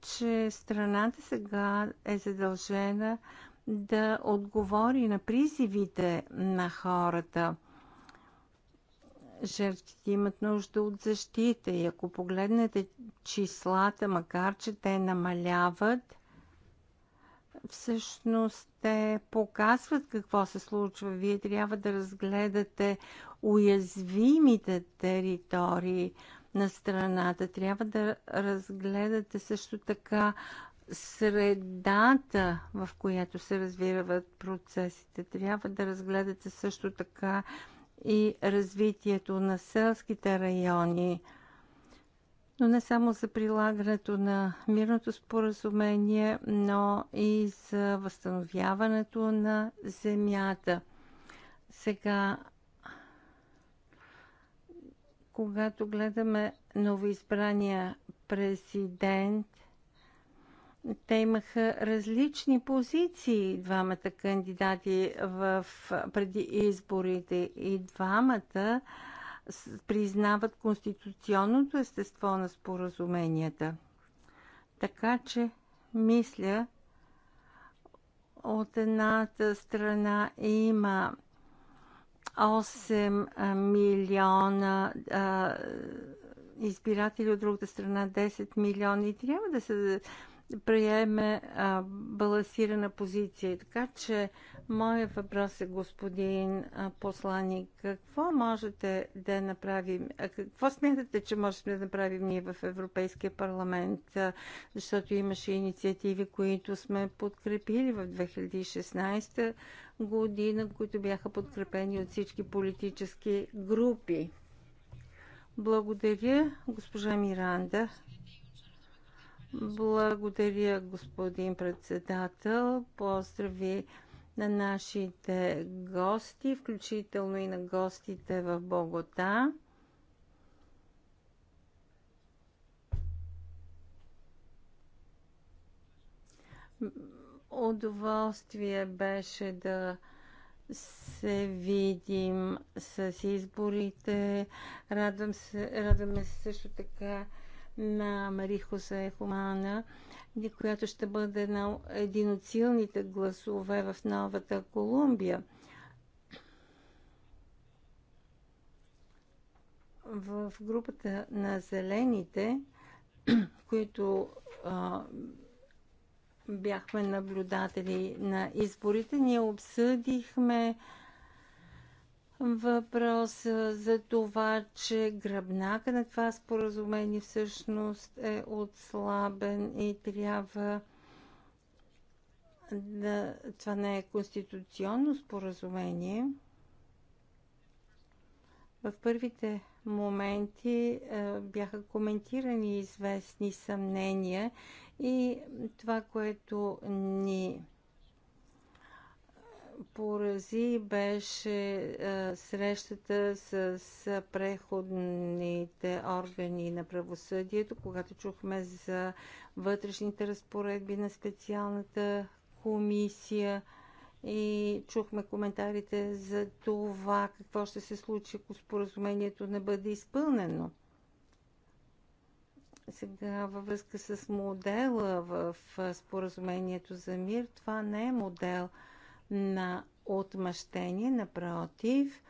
че страната сега е задължена да отговори на призивите на хората. Жертвите имат нужда от защита и ако погледнете числата, макар че те намаляват, всъщност те показват какво се случва. Вие трябва да разгледате уязвимите територии на страната. Трябва да разгледате също така средата, в която се развиват процесите. Трябва да разгледате също така и развитието на селските райони но не само за прилагането на мирното споразумение, но и за възстановяването на земята. Сега, когато гледаме новоизбрания президент, те имаха различни позиции, двамата кандидати в, преди изборите и двамата признават конституционното естество на споразуменията. Така че, мисля, от едната страна има 8 милиона а, избиратели, от другата страна 10 милиона и трябва да се приеме а, балансирана позиция. Така че, моят въпрос е, господин а, посланник, какво можете да направим, а какво смятате, че можем да направим ние в Европейския парламент? А, защото имаше инициативи, които сме подкрепили в 2016 година, които бяха подкрепени от всички политически групи. Благодаря, госпожа Миранда. Благодаря, господин председател. Поздрави на нашите гости, включително и на гостите в Богота. Удоволствие беше да се видим с изборите. Радвам се, радваме се също така на Мари Хосе Хумана, която ще бъде една, един от силните гласове в Новата Колумбия. В групата на зелените, които а, бяхме наблюдатели на изборите, ние обсъдихме а, Въпрос за това, че гръбнака на това споразумение всъщност е отслабен и трябва да... Това не е конституционно споразумение. В първите моменти е, бяха коментирани известни съмнения и това, което ни порази беше а, срещата с, с преходните органи на правосъдието, когато чухме за вътрешните разпоредби на специалната комисия и чухме коментарите за това какво ще се случи, ако споразумението не бъде изпълнено. Сега във връзка с модела в споразумението за мир, това не е модел – на отмъщение, напротив,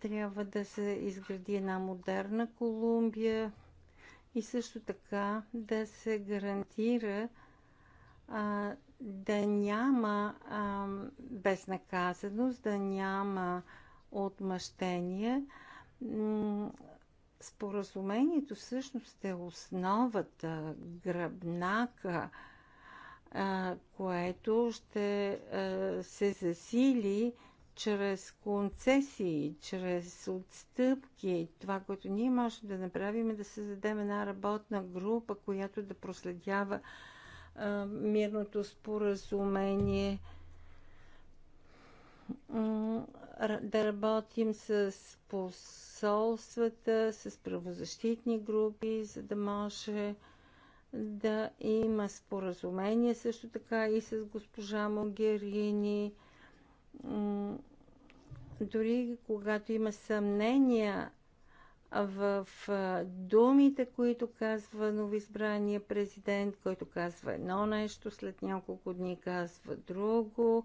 трябва да се изгради една модерна Колумбия и също така да се гарантира а, да няма а, безнаказаност, да няма отмъщение. Споразумението всъщност е основата, гръбнака, което ще се засили чрез концесии, чрез отстъпки. Това, което ние можем да направим е да създадем една работна група, която да проследява мирното споразумение, да работим с посолствата, с правозащитни групи, за да може да има споразумение също така и с госпожа Могерини. Дори когато има съмнения в думите, които казва новоизбрания президент, който казва едно нещо, след няколко дни казва друго.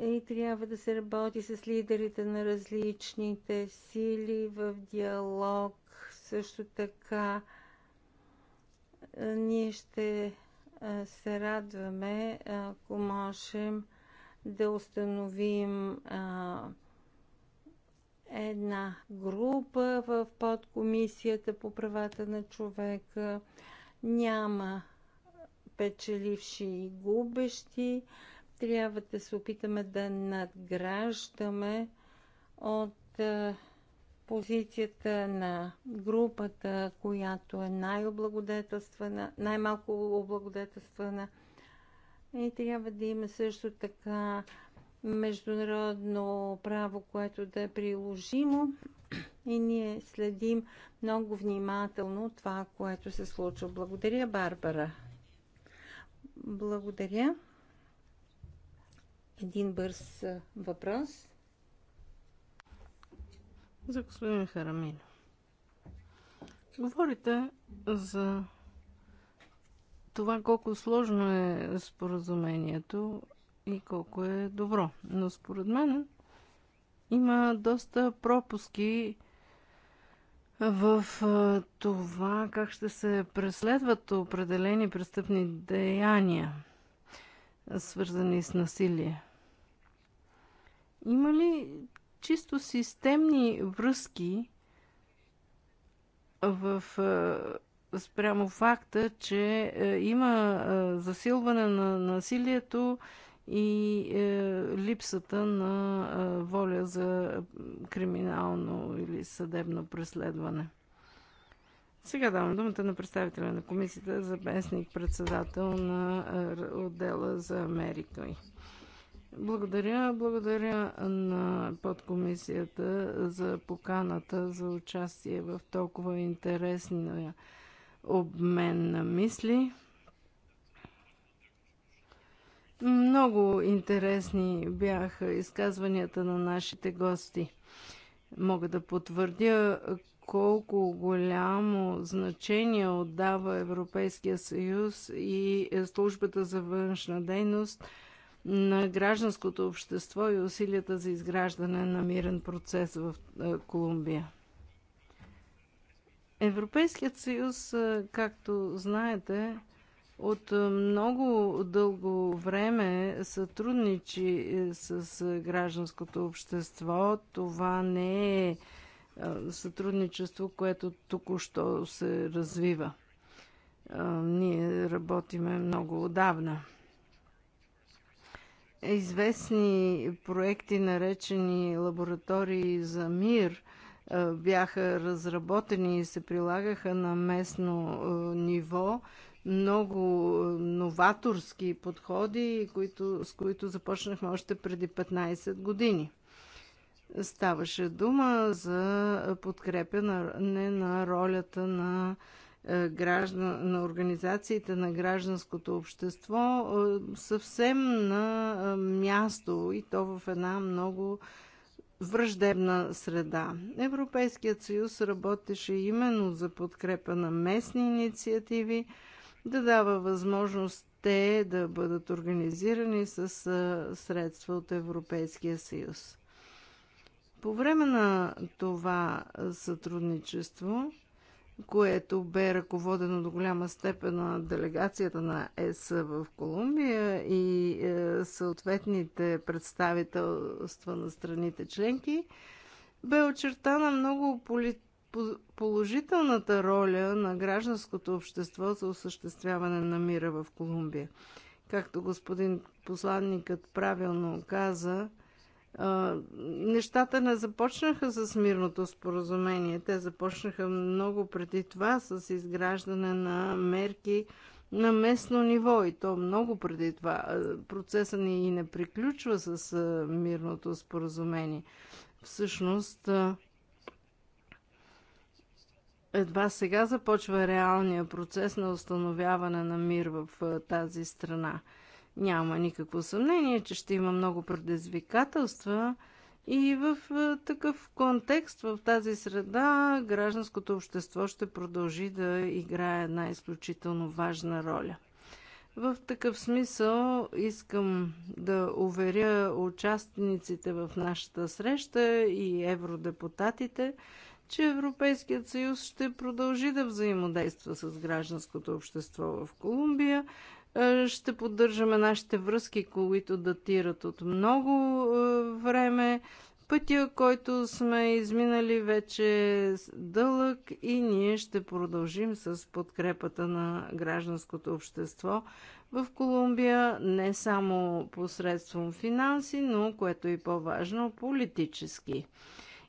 И трябва да се работи с лидерите на различните сили в диалог, също така е, ние ще е, се радваме, ако можем да установим е, една група в подкомисията по правата на човека. Няма печеливши и губещи. Трябва да се опитаме да надграждаме от позицията на групата, която е най-облагодетелствана, най-малко облагодетелствана. И трябва да има също така международно право, което да е приложимо. И ние следим много внимателно това, което се случва. Благодаря, Барбара. Благодаря. Един бърз въпрос за господин Харамин. Говорите за това колко сложно е споразумението и колко е добро. Но според мен има доста пропуски в това как ще се преследват определени престъпни деяния, свързани с насилие. Има ли чисто системни връзки в спрямо факта, че има засилване на насилието и е, липсата на воля за криминално или съдебно преследване. Сега давам думата на представителя на комисията, за местник председател на отдела за Америка. Благодаря, благодаря на подкомисията за поканата за участие в толкова интересния обмен на мисли. Много интересни бяха изказванията на нашите гости. Мога да потвърдя колко голямо значение отдава Европейския съюз и службата за външна дейност – на гражданското общество и усилията за изграждане на мирен процес в е, Колумбия. Европейският съюз, е, както знаете, от много дълго време сътрудничи е, с гражданското общество. Това не е сътрудничество, което току-що се развива. Ние работиме много отдавна известни проекти, наречени лаборатории за мир, е, бяха разработени и се прилагаха на местно е, ниво. Много е, новаторски подходи, които, с които започнахме още преди 15 години. Ставаше дума за подкрепяне на ролята на е, граждан, на организациите на гражданското общество е, съвсем на е, място и то в една много враждебна среда. Европейският съюз работеше именно за подкрепа на местни инициативи, да дава възможност те да бъдат организирани с средства от Европейския съюз. По време на това сътрудничество което бе ръководено до голяма степен на делегацията на ЕС в Колумбия и е, съответните представителства на страните членки, бе очертана много положителната роля на гражданското общество за осъществяване на мира в Колумбия. Както господин посланникът правилно каза, нещата не започнаха с мирното споразумение. Те започнаха много преди това с изграждане на мерки на местно ниво и то много преди това. Процесът ни и не приключва с мирното споразумение. Всъщност, едва сега започва реалния процес на установяване на мир в тази страна. Няма никакво съмнение, че ще има много предизвикателства и в такъв контекст, в тази среда, гражданското общество ще продължи да играе една изключително важна роля. В такъв смисъл искам да уверя участниците в нашата среща и евродепутатите, че Европейският съюз ще продължи да взаимодейства с гражданското общество в Колумбия е, ще поддържаме нашите връзки, които датират от много е, време. Пътя, който сме изминали вече е дълъг и ние ще продължим с подкрепата на гражданското общество в Колумбия, не само посредством финанси, но, което е и по-важно, политически.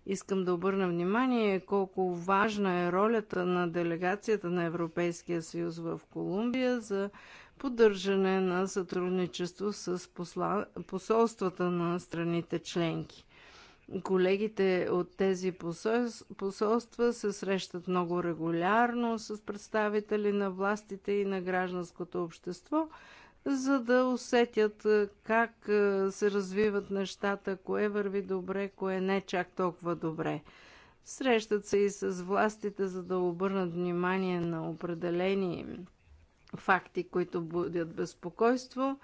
Искам да обърна внимание колко важна е ролята на делегацията на Европейския съюз в Колумбия за поддържане на сътрудничество с посла... посолствата на страните членки. Колегите от тези посолства се срещат много регулярно с представители на властите и на гражданското общество, за да усетят как се развиват нещата, кое върви добре, кое не чак толкова добре. Срещат се и с властите, за да обърнат внимание на определени факти, които будят безпокойство.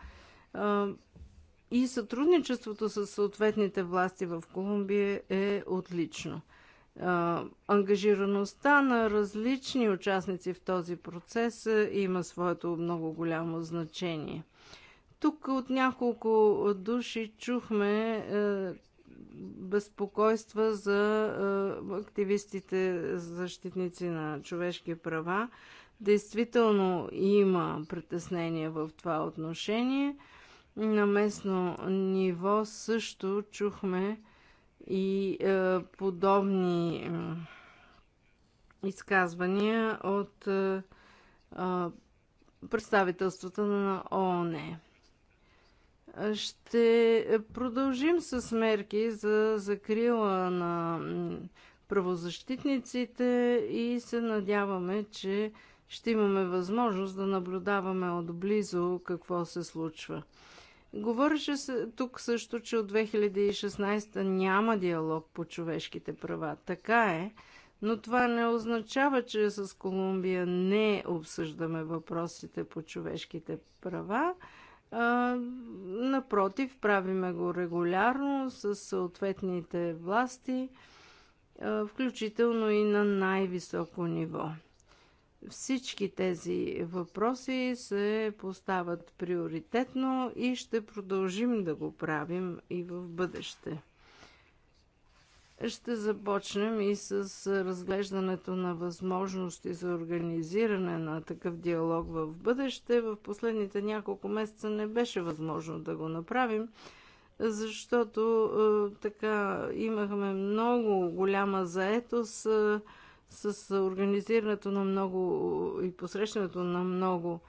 И сътрудничеството с съответните власти в Колумбия е отлично. Ангажираността на различни участници в този процес има своето много голямо значение. Тук от няколко души чухме безпокойства за активистите, защитници на човешки права. Действително има притеснение в това отношение. На местно ниво също чухме и е, подобни е, изказвания от е, представителствата на ООН. Ще продължим с мерки за закрила на правозащитниците и се надяваме, че ще имаме възможност да наблюдаваме отблизо какво се случва. Говореше се тук също, че от 2016 няма диалог по човешките права. Така е, но това не означава, че с Колумбия не обсъждаме въпросите по човешките права. А, напротив, правиме го регулярно с съответните власти, а, включително и на най-високо ниво. Всички тези въпроси се поставят приоритетно и ще продължим да го правим и в бъдеще. Ще започнем и с разглеждането на възможности за организиране на такъв диалог в бъдеще. В последните няколко месеца не беше възможно да го направим, защото е, така имахме много голяма заетост е, с организирането на много и посрещането на много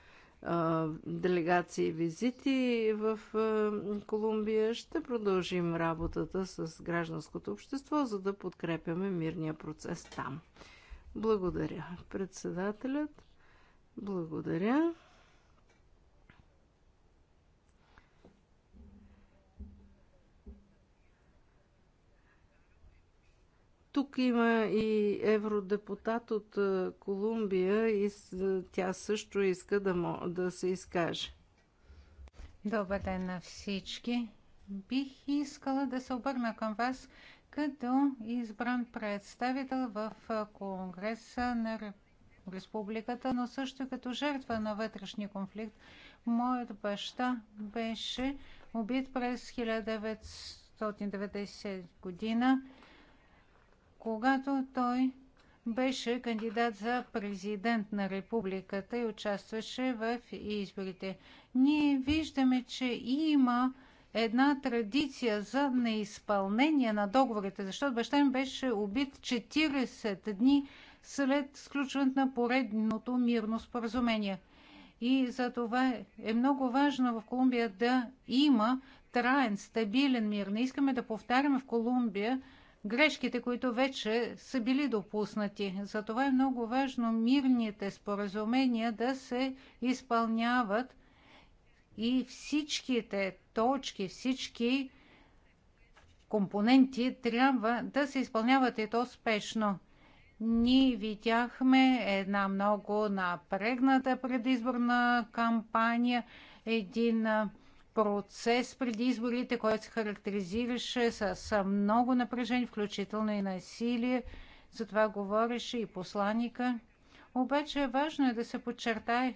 а, делегации и визити в а, Колумбия. Ще продължим работата с гражданското общество, за да подкрепяме мирния процес там. Благодаря, председателят. Благодаря. Тук има и евродепутат от е, Колумбия и е, тя също иска да, да се изкаже. Добър ден на всички. Бих искала да се обърна към вас като избран представител в е, Конгреса на Республиката, но също като жертва на вътрешния конфликт. Моят баща беше убит през 1990 година когато той беше кандидат за президент на републиката и участваше в изборите. Ние виждаме, че има една традиция за неизпълнение на договорите, защото баща ми беше убит 40 дни след сключването на поредното мирно споразумение. И за това е много важно в Колумбия да има траен, стабилен мир. Не искаме да повтаряме в Колумбия грешките, които вече са били допуснати. Затова е много важно мирните споразумения да се изпълняват и всичките точки, всички компоненти трябва да се изпълняват и то спешно. Ние видяхме една много напрегната предизборна кампания, един процес преди изборите, който се характеризираше с с много напрежение, включително и насилие. За това говореше и посланника. Обаче е важно е да се подчертае,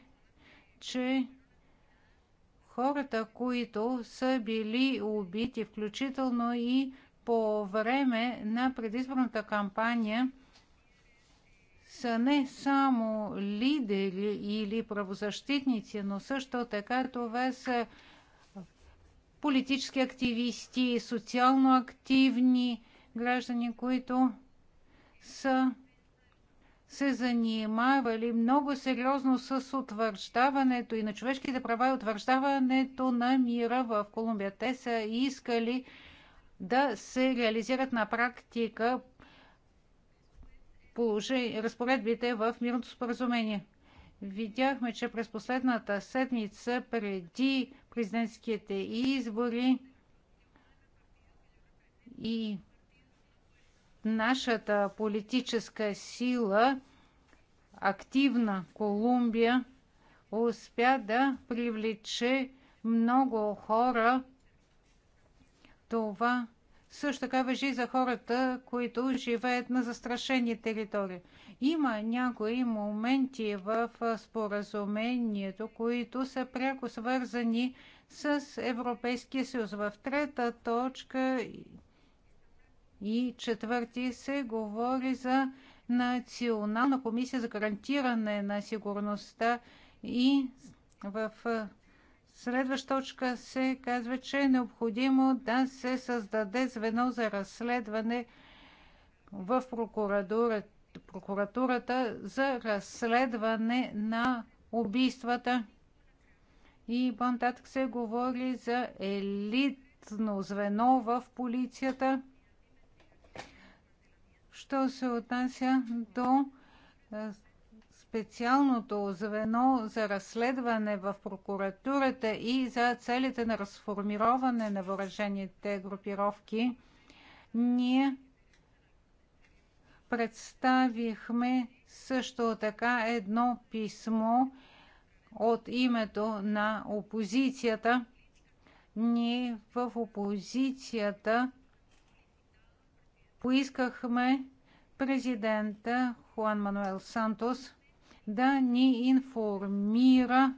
че хората, които са били убити, включително и по време на предизборната кампания, са не само лидери или правозащитници, но също така това са политически активисти, социално активни граждани, които са се занимавали много сериозно с утвърждаването и на човешките права и утвърждаването на мира в Колумбия. Те са искали да се реализират на практика положи разпоредбите в мирното споразумение видяхме, че през последната седмица преди президентските избори и нашата политическа сила, активна Колумбия, успя да привлече много хора. Това също така въжи за хората, които живеят на застрашени територии. Има някои моменти в споразумението, които са пряко свързани с Европейския съюз. В трета точка и четвърти се говори за Национална комисия за гарантиране на сигурността и в следваща точка се казва, че е необходимо да се създаде звено за разследване в прокуратурата, прокуратурата за разследване на убийствата. И по-нататък се говори за елитно звено в полицията. Що се отнася до специалното звено за разследване в прокуратурата и за целите на разформироване на въоръжените групировки, ние представихме също така едно писмо от името на опозицията. Ние в опозицията поискахме президента Хуан Мануел Сантос да ни информира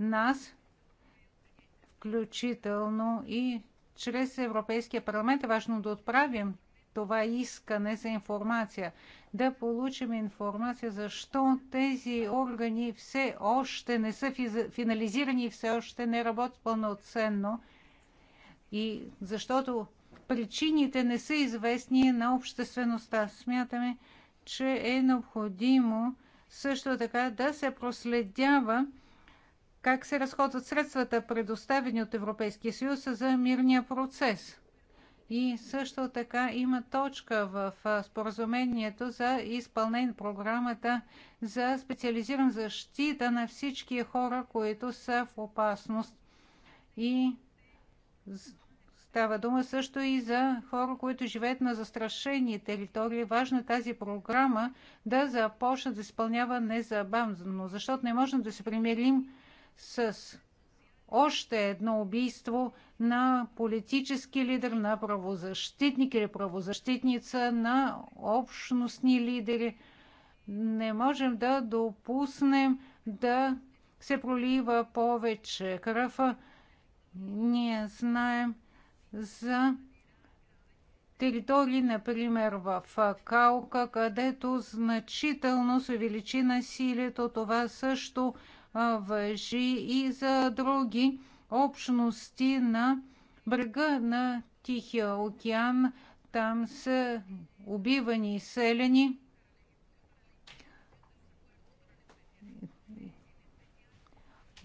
нас, включително и чрез Европейския парламент. Е важно да отправим това искане за информация, да получим информация защо тези органи все още не са финализирани и все още не работят пълноценно и защото причините не са известни на обществеността. Смятаме, че е необходимо също така да се проследява как се разходват средствата, предоставени от Европейския съюз за мирния процес. И също така има точка в споразумението за изпълнение на програмата за специализиран защита на всички хора, които са в опасност. И Става дума също и за хора, които живеят на застрашени територии. Важно е тази програма да започне да изпълнява незабавно, защото не можем да се примирим с още едно убийство на политически лидер, на правозащитник или правозащитница, на общностни лидери. Не можем да допуснем да се пролива повече кръв. Ние знаем, за територии, например в Калка, където значително се увеличи насилието. Това също въжи и за други общности на брега на Тихия океан. Там са убивани и селени.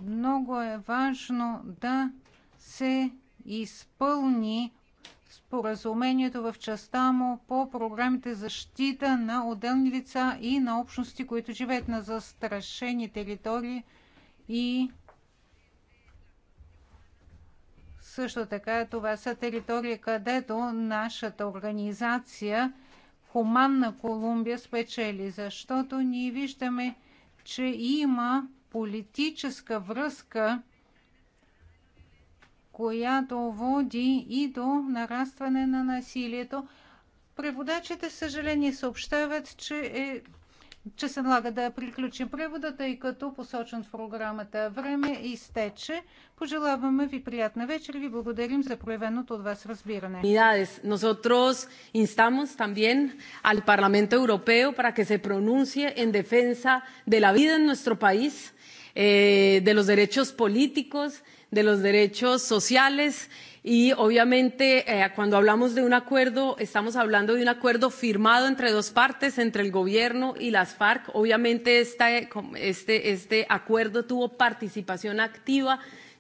Много е важно да се изпълни споразумението в частта му по програмите защита на отделни лица и на общности, които живеят на застрашени територии и също така това са територии, където нашата организация Хуманна Колумбия спечели, защото ние виждаме, че има политическа връзка която води и до нарастване на насилието. Преводачите, съжаление, съобщават, че, е, че се налага да приключим превода, тъй като посочен в програмата време изтече. Пожелаваме ви приятна вечер и ви благодарим за проявеното от вас разбиране. Nosotros instamos también al Parlamento Europeo para que se pronuncie en defensa de la vida en nuestro país, eh, de los derechos políticos, de los derechos sociales y obviamente cuando hablamos de un acuerdo estamos hablando de un acuerdo firmado entre dos partes, entre el gobierno y las FARC. Obviamente esta este este, acuerdo tuvo participación activa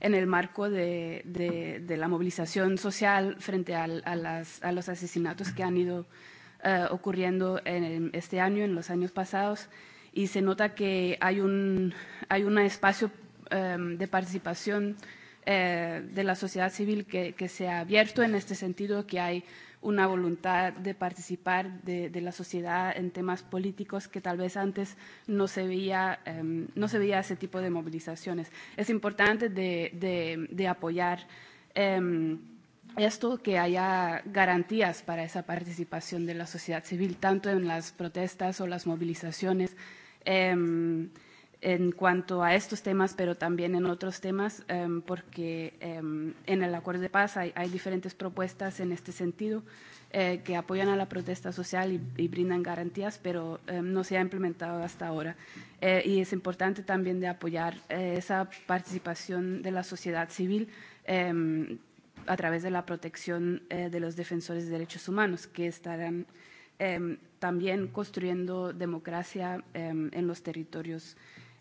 en el marco de, de, de la movilización social frente a, a, las, a los asesinatos que han ido uh, ocurriendo en el, este año, en los años pasados, y se nota que hay un, hay un espacio um, de participación uh, de la sociedad civil que, que se ha abierto en este sentido, que hay una voluntad de participar de, de la sociedad en temas políticos que tal vez antes no se veía, um, no se veía ese tipo de movilizaciones. Es importante de, de, de apoyar um, esto, que haya garantías para esa participación de la sociedad civil, tanto en las protestas o las movilizaciones. Eh, en cuanto a estos temas, pero también en otros temas, um, porque um, en el acuerdo de paz hay, hay diferentes propuestas en este sentido eh, que apoyan a la protesta social y, y brindan garantías, pero um, no se ha implementado hasta ahora. Eh, y es importante también de apoyar eh, esa participación de la sociedad civil eh, a través de la protección eh, de los defensores de derechos humanos, que estarán eh, también construyendo democracia eh, en los territorios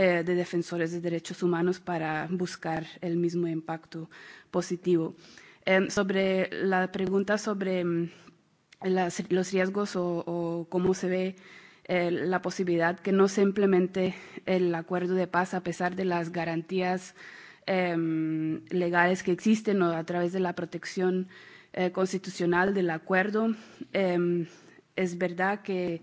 eh, de defensores de derechos humanos para buscar el mismo impacto positivo. Eh, sobre la pregunta sobre las, los riesgos o, o cómo se ve eh, la posibilidad que no se implemente el acuerdo de paz a pesar de las garantías eh, legales que existen o a través de la protección eh, constitucional del acuerdo. Eh, es verdad que eh,